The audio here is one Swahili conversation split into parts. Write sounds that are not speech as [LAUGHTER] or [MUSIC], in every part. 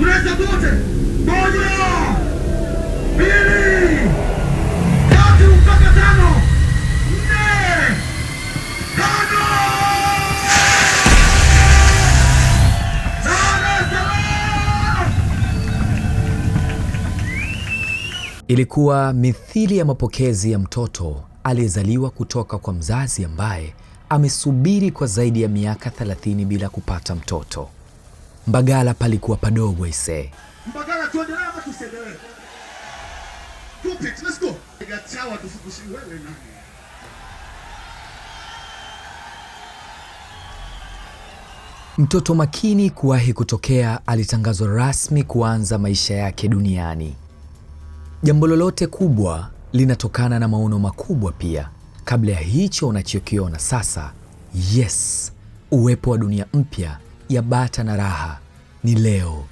moja, mbili, tatu mpaka tano, nne, tano. Ilikuwa mithili ya mapokezi ya mtoto aliyezaliwa kutoka kwa mzazi ambaye amesubiri kwa zaidi ya miaka 30 bila kupata mtoto. Mbagala palikuwa padogo ise Mbagala tuende ama tusende let's go. chawa tufukushi wewe na. Mtoto makini kuwahi kutokea alitangazwa rasmi kuanza maisha yake duniani. Jambo lolote kubwa linatokana na maono makubwa pia. Kabla ya hicho unachokiona sasa, yes, uwepo wa dunia mpya ya bata na raha ni leo.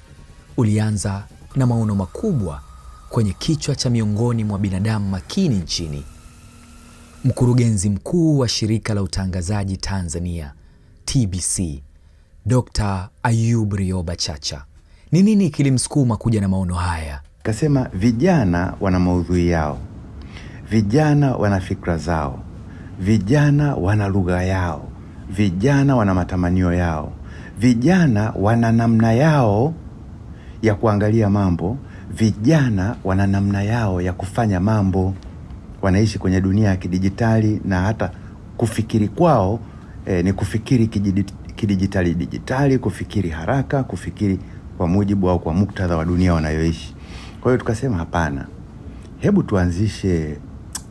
Ulianza na maono makubwa kwenye kichwa cha miongoni mwa binadamu makini nchini, mkurugenzi mkuu wa shirika la utangazaji Tanzania TBC Dr. Ayub Rioba Chacha. Ni nini kilimsukuma kuja na maono haya? Kasema vijana wana maudhui yao, vijana wana fikra zao, vijana wana lugha yao, vijana wana matamanio yao Vijana wana namna yao ya kuangalia mambo, vijana wana namna yao ya kufanya mambo. Wanaishi kwenye dunia ya kidijitali na hata kufikiri kwao eh, ni kufikiri kidijitali dijitali, kufikiri haraka, kufikiri kwa mujibu au kwa muktadha wa dunia wanayoishi. Kwa hiyo tukasema hapana, hebu tuanzishe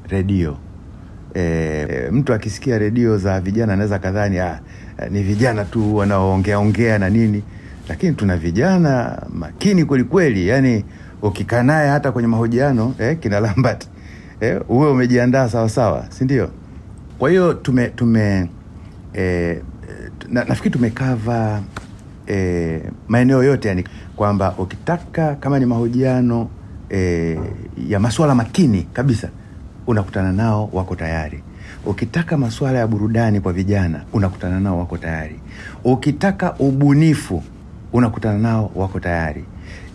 redio. E, mtu akisikia redio za vijana anaweza kadhani ah, Eh, ni vijana tu wanaoongea ongea na nini, lakini tuna vijana makini kweli kweli. Yani ukikaa naye hata kwenye mahojiano eh, kina Lambert eh, uwe umejiandaa sawa sawa, si ndio? Kwa hiyo tume, tume eh, na, nafikiri tumekava eh, maeneo yote yani, kwamba ukitaka kama ni mahojiano eh, ya masuala makini kabisa unakutana nao, wako tayari. Ukitaka masuala ya burudani kwa vijana unakutana nao wako tayari. Ukitaka ubunifu unakutana nao wako tayari.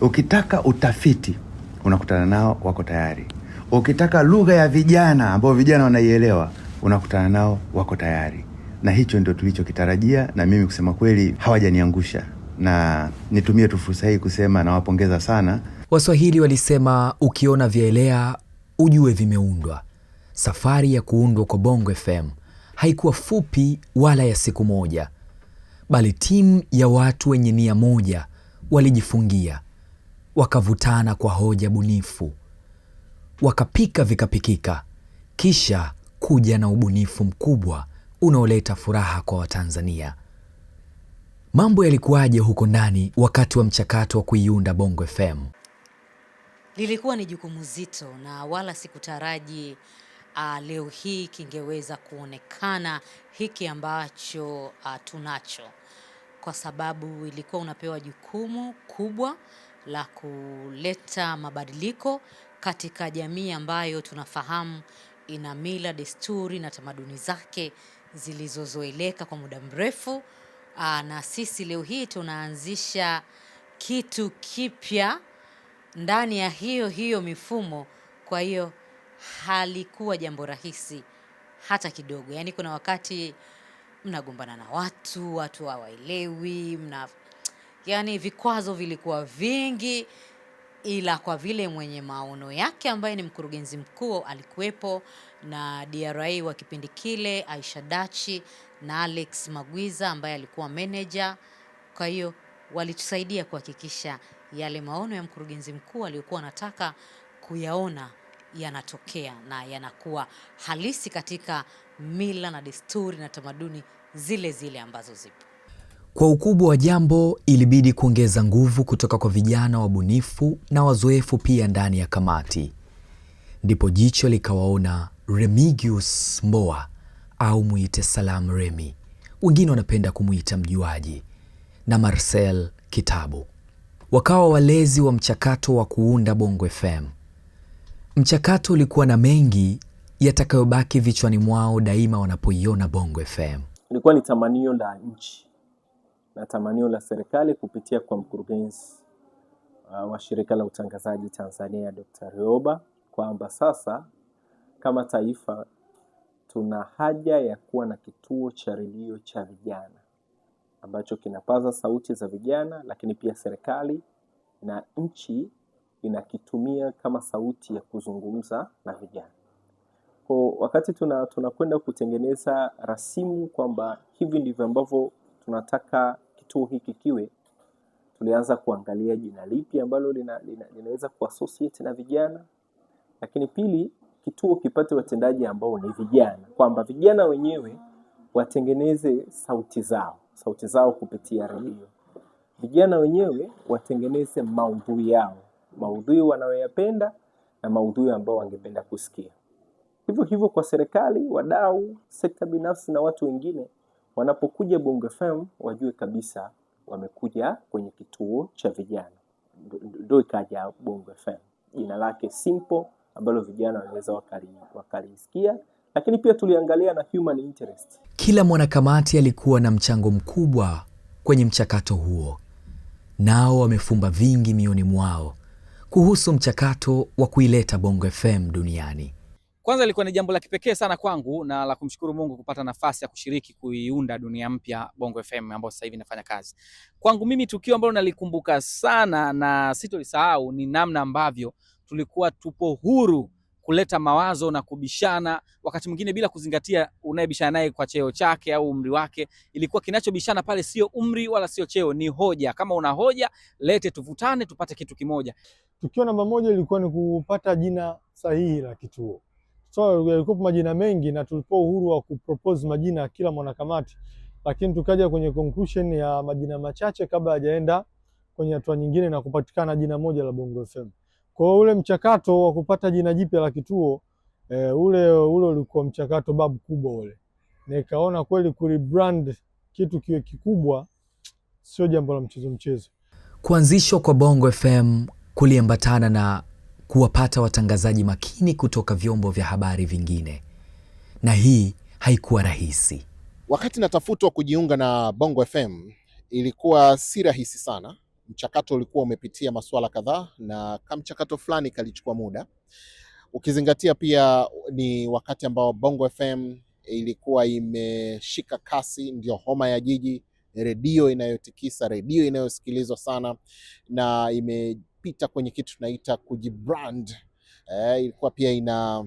Ukitaka utafiti unakutana nao wako tayari. Ukitaka lugha ya vijana ambayo vijana wanaielewa unakutana nao wako tayari, na hicho ndio tulichokitarajia. Na mimi kusema kweli, hawajaniangusha na nitumie tu fursa hii kusema nawapongeza sana. Waswahili walisema ukiona vyaelea ujue vimeundwa. Safari ya kuundwa kwa Bongo FM haikuwa fupi wala ya siku moja, bali timu ya watu wenye nia moja walijifungia, wakavutana kwa hoja bunifu, wakapika vikapikika, kisha kuja na ubunifu mkubwa unaoleta furaha kwa Watanzania. Mambo yalikuwaje huko ndani wakati wa mchakato wa kuiunda Bongo FM? Lilikuwa ni jukumu zito na wala sikutaraji uh, leo hii kingeweza kuonekana hiki ambacho uh, tunacho, kwa sababu ilikuwa unapewa jukumu kubwa la kuleta mabadiliko katika jamii ambayo tunafahamu ina mila, desturi na tamaduni zake zilizozoeleka kwa muda mrefu. Aa, ah, na sisi leo hii tunaanzisha kitu kipya ndani ya hiyo hiyo mifumo. Kwa hiyo halikuwa jambo rahisi hata kidogo. Yaani kuna wakati mnagombana na watu, watu hawaelewi, mna yaani vikwazo vilikuwa vingi, ila kwa vile mwenye maono yake ambaye ni mkurugenzi mkuu alikuwepo na DRI wa kipindi kile Aisha Dachi na Alex Magwiza ambaye alikuwa manager. Kwa hiyo walitusaidia kuhakikisha yale maono ya mkurugenzi mkuu aliyokuwa anataka kuyaona yanatokea na yanakuwa halisi katika mila na desturi na tamaduni zile zile ambazo zipo. Kwa ukubwa wa jambo, ilibidi kuongeza nguvu kutoka kwa vijana wabunifu na wazoefu pia ndani ya kamati, ndipo jicho likawaona Remigius mboa au mwite Salam Remi, wengine wanapenda kumwita mjuaji, na Marcel Kitabu, wakawa walezi wa mchakato wa kuunda Bongo FM. Mchakato ulikuwa na mengi yatakayobaki vichwani mwao daima wanapoiona Bongo FM. Ilikuwa ni tamanio la nchi na tamanio la serikali kupitia kwa mkurugenzi uh, wa shirika la utangazaji Tanzania Dr. Rioba kwamba sasa kama taifa tuna haja ya kuwa na kituo cha redio cha vijana ambacho kinapaza sauti za vijana, lakini pia serikali na nchi inakitumia kama sauti ya kuzungumza na vijana. Kwa wakati tuna tunakwenda kutengeneza rasimu kwamba hivi ndivyo ambavyo tunataka kituo hiki kiwe, tulianza kuangalia jina lipi ambalo lina, lina, linaweza kuassociate na vijana, lakini pili kituo kipate watendaji ambao ni vijana, kwamba vijana wenyewe watengeneze sauti zao sauti zao kupitia redio, vijana wenyewe watengeneze maudhui yao maudhui wanayoyapenda na maudhui ambao wangependa kusikia. Hivyo hivyo kwa serikali, wadau, sekta binafsi na watu wengine wanapokuja Bongo FM wajue kabisa wamekuja kwenye kituo cha vijana. Ndio ikaja Bongo FM jina lake simple ambalo vijana wanaweza wakalisikia lakini pia tuliangalia na human interest. Kila mwanakamati alikuwa na mchango mkubwa kwenye mchakato huo, nao wamefumba vingi mioni mwao kuhusu mchakato wa kuileta Bongo FM duniani. Kwanza ilikuwa ni jambo la kipekee sana kwangu na la kumshukuru Mungu kupata nafasi ya kushiriki kuiunda dunia mpya Bongo FM ambayo sasa hivi inafanya kazi. Kwangu mimi tukio ambalo nalikumbuka sana na sitolisahau ni namna ambavyo tulikuwa tupo huru kuleta mawazo na kubishana, wakati mwingine bila kuzingatia unayebishana naye kwa cheo chake au umri wake. Ilikuwa kinachobishana pale sio umri wala sio cheo, ni hoja. Kama una hoja lete, tuvutane, tupate kitu kimoja. Tukio namba moja ilikuwa ni kupata jina sahihi la kituo. So yalikuwa majina mengi na tulipo uhuru wa kupropose majina kila mwanakamati, lakini tukaja kwenye conclusion ya majina machache kabla hajaenda kwenye hatua nyingine na kupatikana jina moja la Bongo FM. Kwa ule mchakato wa kupata jina jipya la kituo e, ule ule ulikuwa mchakato babu kubwa ule. Nikaona kweli kurebrand kitu kiwe kikubwa sio jambo la mchezo mchezo. Kuanzishwa kwa Bongo FM kuliambatana na kuwapata watangazaji makini kutoka vyombo vya habari vingine, na hii haikuwa rahisi. Wakati natafutwa kujiunga na Bongo FM ilikuwa si rahisi sana mchakato ulikuwa umepitia masuala kadhaa na mchakato fulani kalichukua muda, ukizingatia pia ni wakati ambao Bongo FM ilikuwa imeshika kasi, ndio homa ya jiji, redio inayotikisa, redio inayosikilizwa sana, na imepita kwenye kitu tunaita kujibrand. Eh, ilikuwa pia ina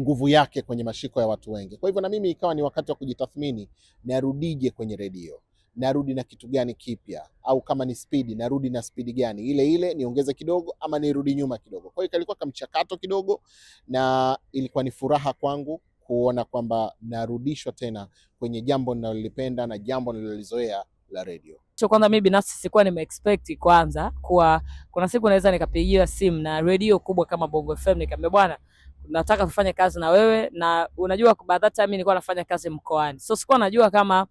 nguvu yake kwenye mashiko ya watu wengi. Kwa hivyo na mimi ikawa ni wakati wa kujitathmini, narudije kwenye redio narudi na kitu gani kipya, au kama ni spidi narudi na spidi gani ile ile, niongeze kidogo ama nirudi nyuma kidogo. Kwa hiyo kalikuwa kamchakato kidogo, na ilikuwa ni furaha kwangu kuona kwamba narudishwa tena kwenye jambo ninalolipenda na jambo nililolizoea la redio. Cho Kwanza mimi binafsi sikuwa nime expect kwanza kuwa kuna siku naweza nikapigiwa simu na redio kubwa kama Bongo FM nikamwambia bwana, nataka kufanya kazi na wewe, na unajua by that time nilikuwa nafanya kazi mkoani, so sikuwa najua kama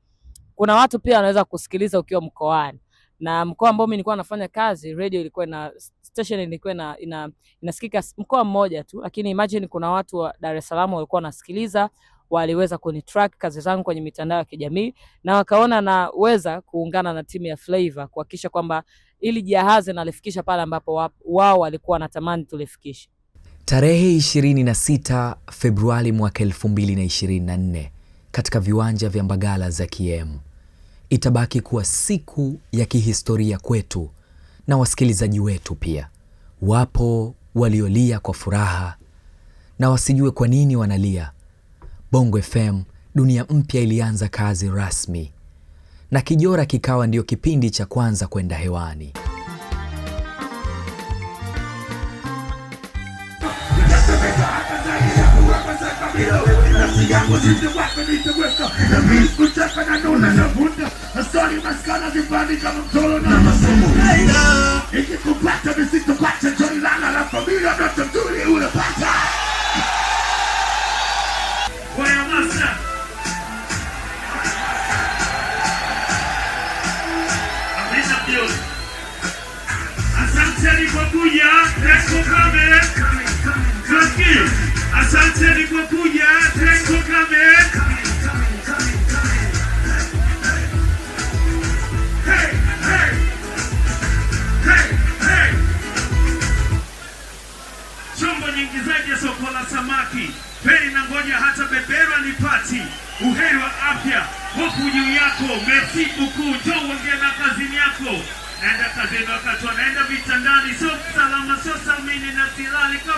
kuna watu pia wanaweza kusikiliza ukiwa mkoani na mkoa ambao mimi nilikuwa nafanya kazi, radio ilikuwa na station ilikuwa na ina, inasikika mkoa mmoja tu, lakini imagine kuna watu wa Dar es Salaam walikuwa wanasikiliza, waliweza kunitrack kazi zangu kwenye mitandao ya kijamii na wakaona naweza kuungana na timu ya Flavor kuhakikisha kwamba ili jahazi nalifikisha pale ambapo wao walikuwa wanatamani tulifikishe. Tarehe 26 Februari mwaka 2024 katika viwanja vya Mbagala za Kiemu itabaki kuwa siku ya kihistoria kwetu na wasikilizaji wetu pia. Wapo waliolia kwa furaha na wasijue kwa nini wanalia. Bongo FM Dunia Mpya ilianza kazi rasmi na Kijora kikawa ndiyo kipindi cha kwanza kwenda hewani katika kuzizi wake nitaweka na mimi kucheka na nuna na bunda ikikupata mkuu, njoo uongee na kazini yako. Naenda kazini, wakati wanaenda vitandani, sio salama, sio salmini na silali kwa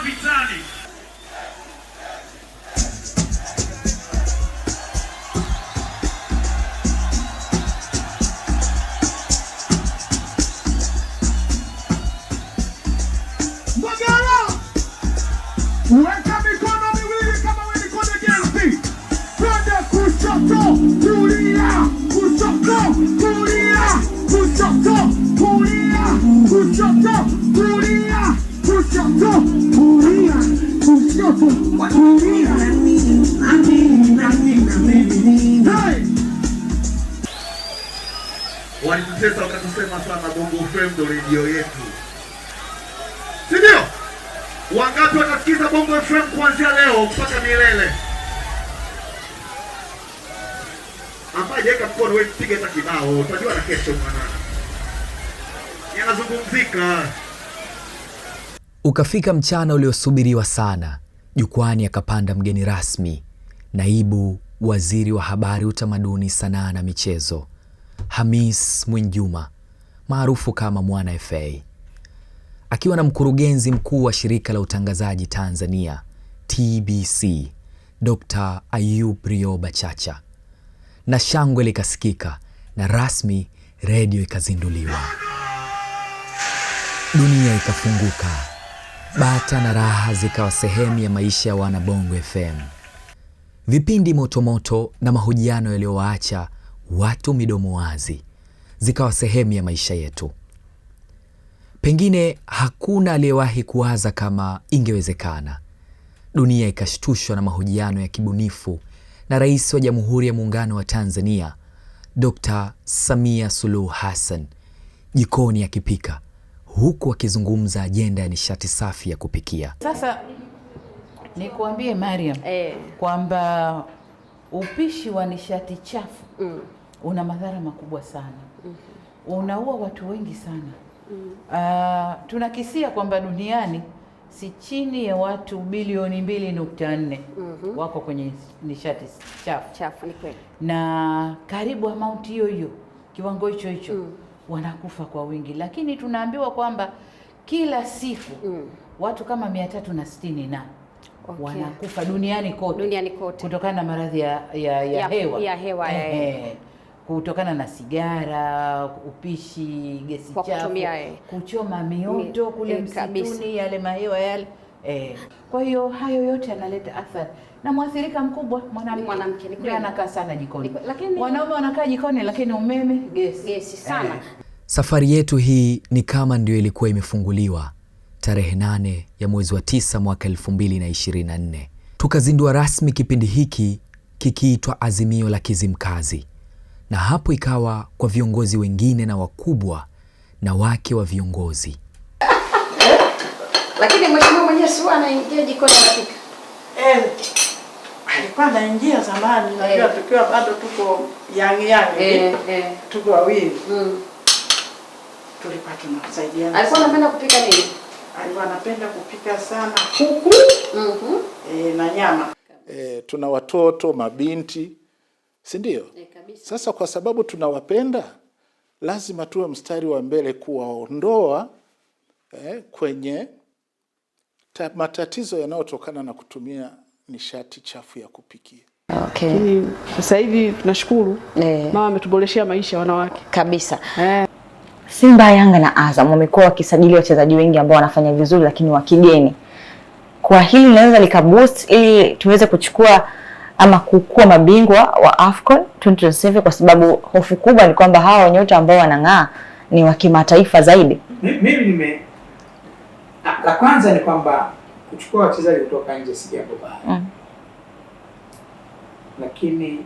walitutesa wakatusema sana Bongo FM ndo redio yetu, si ndio? Wangapi watasikiza Bongo FM kuanzia leo mpaka milele? ambaye hajaweka mkono wewe piga hata kibao, utajua na kesho mwanana yanazungumzika. Ukafika mchana uliosubiriwa sana. Jukwani akapanda mgeni rasmi, naibu waziri wa habari, utamaduni, sanaa na michezo, Hamis Mwinjuma maarufu kama Mwana FA akiwa na mkurugenzi mkuu wa shirika la utangazaji Tanzania TBC Dr. Ayub Rioba Chacha, na shangwe likasikika na rasmi redio ikazinduliwa. Dunia ikafunguka, bata na raha zikawa sehemu ya maisha ya wanabongo FM. Vipindi motomoto na mahojiano yaliyowaacha watu midomo wazi, zikawa sehemu ya maisha yetu. Pengine hakuna aliyewahi kuwaza kama ingewezekana dunia ikashtushwa na mahojiano ya kibunifu na Rais wa Jamhuri ya Muungano wa Tanzania Dr. Samia Suluhu Hassan jikoni akipika huku akizungumza ajenda ya nishati safi ya kupikia. Sasa nikuambie Mariam, eh, kwamba upishi wa nishati chafu mm una madhara makubwa sana -hmm. Unaua watu wengi sana mm. Uh, ah, tunakisia kwamba duniani si chini ya watu bilioni mbili nukta nne mm -hmm. wako kwenye nishati chafu chafu, ni kweli, na karibu amount hiyo hiyo kiwango hicho hicho mm. wanakufa kwa wingi, lakini tunaambiwa kwamba kila siku mm. watu kama mia tatu na sitini na Okay. Wanakufa duniani kote, duniani kote kutokana na maradhi ya, ya, ya, ya hewa, ya hewa eh, eh kutokana na sigara, upishi, gesi chafu, eh, kuchoma mioto mi, kule eh, msituni, yale mahewa yale eh. Kwa hiyo hayo yote yanaleta athari na mwathirika mkubwa mwanamke. Mwanamke anakaa sana jikoni, wanaume wanakaa jikoni, lakini umeme, gesi, gesi sana eh. Safari yetu hii ni kama ndio ilikuwa imefunguliwa tarehe nane ya mwezi wa tisa mwaka nne tukazindua rasmi kipindi hiki kikiitwa Azimio la Kizimkazi na hapo ikawa kwa viongozi wengine na wakubwa na wake wa viongozi. Lakini mheshimiwa mwenyewe si anaingia jikoni anapika. Eh, alikuwa anaingia zamani, najua eh. tukiwa bado tuko yangi yangi, eh, eh, eh, tuko wawili mm, tulikuwa tunasaidiana. Alikuwa anapenda kupika nini? Alikuwa anapenda kupika sana kuku mm -hmm. eh, na nyama. Eh, tuna watoto mabinti si ndio? E, sasa kwa sababu tunawapenda lazima tuwe mstari wa mbele kuwaondoa eh, kwenye ta, matatizo yanayotokana na kutumia nishati chafu ya kupikia. Okay. Sasa hivi tunashukuru e, mama ametuboreshea maisha wanawake kabisa e. Simba, Yanga na Azam wamekuwa wakisajili wachezaji wengi ambao wanafanya vizuri, lakini wa kigeni. Kwa hili linaweza likaboost ili tuweze kuchukua ama kukua mabingwa wa AFCON 2027 kwa sababu hofu kubwa ni kwamba hawa nyota ambao wanang'aa ni wa kimataifa zaidi. Mimi nime la kwanza ni kwamba kuchukua wachezaji kutoka nje si jambo baya, mm. lakini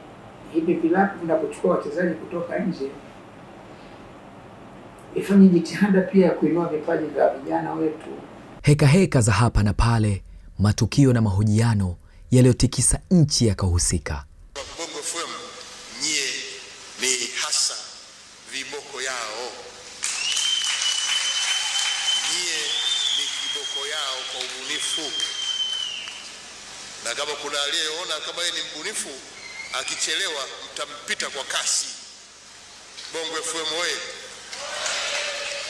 hivi vilabu vinapochukua wachezaji kutoka nje ifanye jitihada pia ya kuinua vipaji vya vijana wetu. Heka heka za hapa na pale, matukio na mahojiano yaliyotikisa nchi yakahusika. Bongo FM nyie ni hasa viboko yao, nyie ni kiboko yao kwa ubunifu, na kama kuna aliyeona kama yeye ni mbunifu akichelewa mtampita kwa kasi. Bongo FM oye!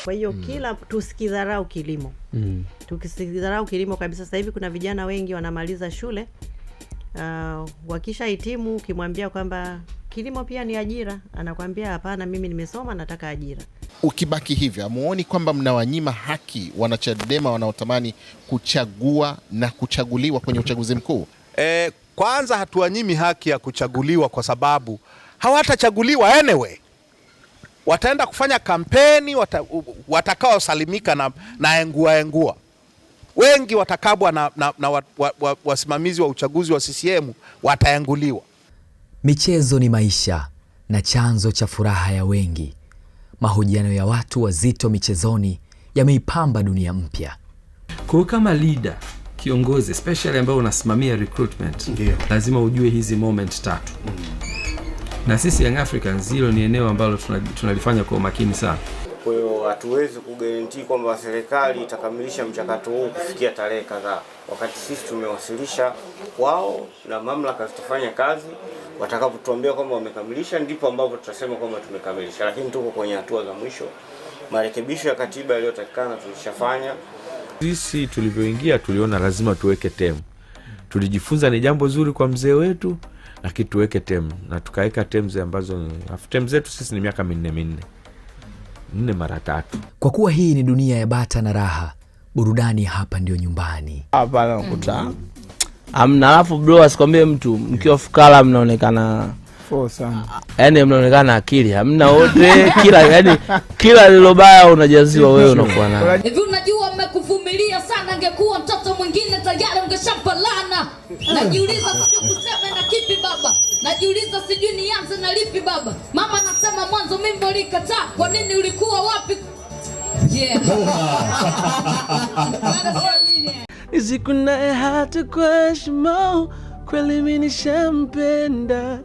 Kwa hiyo mm. kila tusikidharau kilimo mm. tukisidharau kilimo kabisa. Sasa hivi kuna vijana wengi wanamaliza shule uh, hitimu ukimwambia kwamba kilimo pia ni ajira, anakwambia hapana, mimi nimesoma, nataka ajira. Ukibaki hivyo, amuoni kwamba mnawanyima haki wanachadema wanaotamani kuchagua na kuchaguliwa kwenye uchaguzi mkuu? E, kwanza hatuwanyimi haki ya kuchaguliwa kwa sababu hawatachaguliwa anyway. Wataenda kufanya kampeni wata, watakaosalimika na, na engua engua wengi watakabwa na, na, na wasimamizi wa, wa, wa uchaguzi wa CCM watayanguliwa. Michezo ni maisha na chanzo cha furaha ya wengi. Mahojiano ya watu wazito michezoni yameipamba dunia mpya. Kwa kama leader, kiongozi especially ambayo unasimamia recruitment, ndiyo, lazima ujue hizi moment tatu, mm. na sisi Young Africans hilo ni eneo ambalo tunalifanya kwa umakini sana. Kwa hiyo hatuwezi kugaranti kwamba serikali itakamilisha mchakato huu kufikia tarehe kadhaa, wakati sisi tumewasilisha kwao na mamlaka zitafanya kazi. Watakapotuambia kwamba wamekamilisha, ndipo ambapo tutasema kwamba tumekamilisha, lakini tuko kwenye hatua za mwisho. Marekebisho ya katiba yaliyotakikana tulishafanya. Sisi tulivyoingia tuliona lazima tuweke temu, tulijifunza ni jambo zuri kwa mzee wetu, lakini tuweke temu na tukaweka temu ambazo, afu temu zetu sisi ni miaka minne minne nne mara tatu. Kwa kuwa hii ni dunia ya bata na raha, burudani hapa ndio nyumbani. Hapa nakuta mm. amna. Alafu bro, asikwambie mtu mkiwa fukara mnaonekana yani mnaonekana akili hamna wote, kila yani kila lilobaya unajaziwa wewe unakuwa nayo. Hivi unajua mmekuvumilia sana, angekuwa mtoto mwingine tayari ungeshapalana. Najiuliza kusema na kipi baba? Najiuliza sijui nianze na lipi baba. Mama anasema mwanzo mimba ulikataa, kwa nini ulikuwa wapi? Yeah. [LAUGHS] Siku naye hata kwa shimo, kweli mimi nishampenda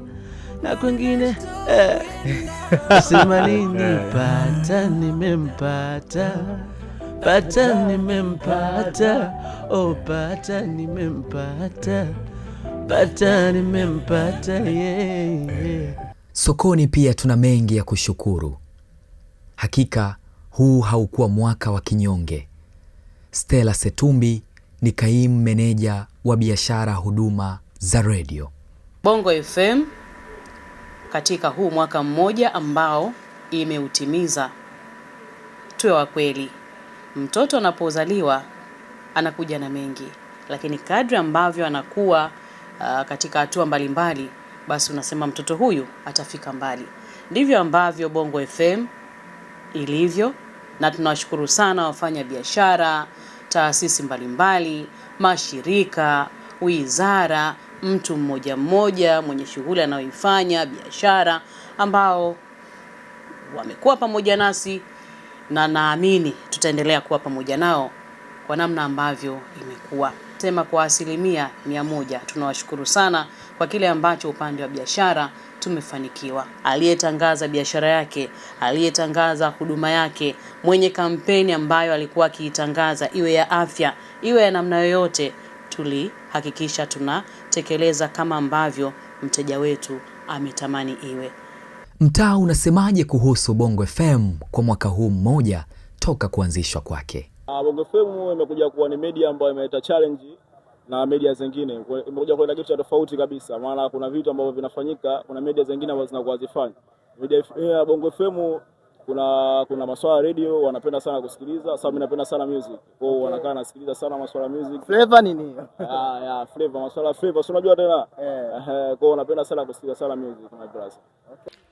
na kwengine eh. [LAUGHS] Sema nini eh. pata nimempata pata nimempata oh pata nimempata pata nimempata yeah, yeah. Sokoni pia tuna mengi ya kushukuru. Hakika huu haukuwa mwaka wa kinyonge. stela Setumbi ni kaimu meneja wa biashara huduma za redio Bongo FM katika huu mwaka mmoja ambao imeutimiza. Tuwe wa kweli, mtoto anapozaliwa anakuja na mengi, lakini kadri ambavyo anakuwa uh, katika hatua mbalimbali, basi unasema mtoto huyu atafika mbali. Ndivyo ambavyo Bongo FM ilivyo, na tunawashukuru sana wafanya biashara, taasisi mbalimbali, mashirika, wizara mtu mmoja mmoja mwenye shughuli anayoifanya biashara, ambao wamekuwa pamoja nasi na naamini tutaendelea kuwa pamoja nao kwa namna ambavyo imekuwa sema kwa asilimia mia moja. Tunawashukuru sana kwa kile ambacho upande wa biashara tumefanikiwa. Aliyetangaza biashara yake, aliyetangaza huduma yake, mwenye kampeni ambayo alikuwa akiitangaza, iwe ya afya, iwe ya namna yoyote, tulihakikisha tuna kutekeleza kama ambavyo mteja wetu ametamani iwe. Mtaa unasemaje kuhusu Bongo FM kwa mwaka huu mmoja toka kuanzishwa kwake? Ah, Bongo FM imekuja kuwa ni media ambayo imeleta challenge na media zingine, imekuja kuleta kitu cha tofauti kabisa, maana kuna vitu ambavyo vinafanyika, kuna media zingine ambazo zinakuwa zifanya media. Eh, Bongo FM kuna kuna maswala radio wanapenda sana kusikiliza, sababu mimi napenda sana music. kwao okay. wanakaa nasikiliza sana maswala ya music. Flavor nini? [LAUGHS] Ah, ya flavor, maswala flavor, si unajua tena. eh yeah. kwao wanapenda sana kusikiliza sana music na brass.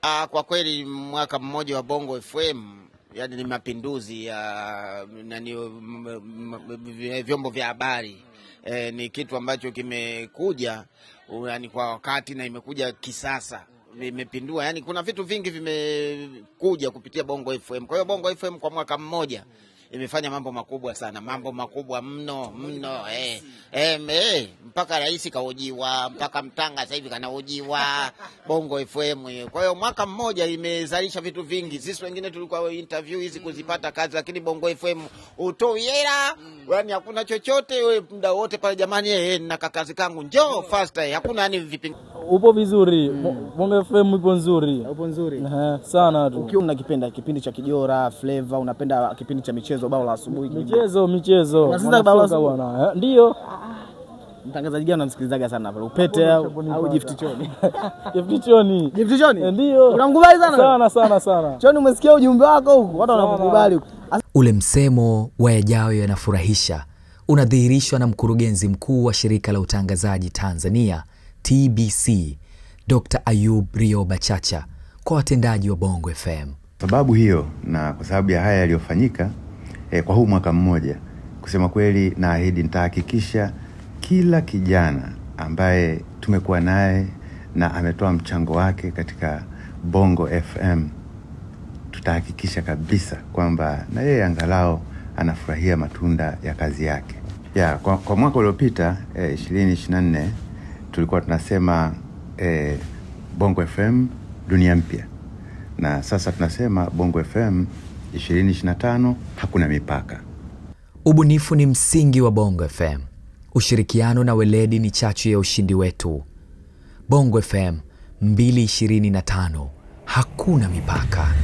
Ah, kwa kweli mwaka mmoja wa Bongo FM yani ni mapinduzi ya nani vyombo vya habari eh, ni kitu ambacho kimekuja yani kwa wakati na imekuja kisasa vimepindua, yani kuna vitu vingi vimekuja kupitia Bongo FM. Kwa hiyo Bongo FM kwa mwaka mmoja imefanya mambo makubwa sana, mambo makubwa mno mno, eh, eh, eh, mpaka rais kaojiwa, mpaka mtanga sasa hivi kanaojiwa Bongo FM. Kwa hiyo mwaka mmoja imezalisha vitu vingi. Sisi wengine tulikuwa interview hizi kuzipata kazi, lakini Bongo FM utoi hela, mm. yani hakuna chochote wewe, muda wote pale, jamani, eh, na kakazi kangu njoo faster, eh. hakuna yani vipingo upo vizuri mm. Bongo ipo nzuri, ah, upo nzuri uh, sana tu. Ukiwa unakipenda kipindi cha kijora flavor, unapenda kipindi cha michezo, bao la asubuhi, michezo michezo, bwana eh, ndio mtangazaji gani unamsikilizaga sana pale, Upete au Gift Choni? Gift Choni, Gift Choni ndio unamkubali sana sana sana sana. Choni, umesikia ujumbe wako huko, watu wanakukubali. Ule msemo wa yajayo yanafurahisha unadhihirishwa na mkurugenzi mkuu wa shirika la utangazaji Tanzania TBC Dr. Ayub Rio Bachacha kwa watendaji wa Bongo FM. Sababu hiyo na kwa sababu ya haya yaliyofanyika eh, kwa huu mwaka mmoja, kusema kweli, naahidi nitahakikisha kila kijana ambaye tumekuwa naye na ametoa mchango wake katika Bongo FM tutahakikisha kabisa kwamba na yeye angalau anafurahia matunda ya kazi yake ya, kwa, kwa mwaka uliopita eh, tulikuwa tunasema eh, Bongo FM dunia mpya, na sasa tunasema Bongo FM 2025 hakuna mipaka. Ubunifu ni msingi wa Bongo FM. Ushirikiano na weledi ni chachu ya ushindi wetu. Bongo FM 2025 hakuna mipaka.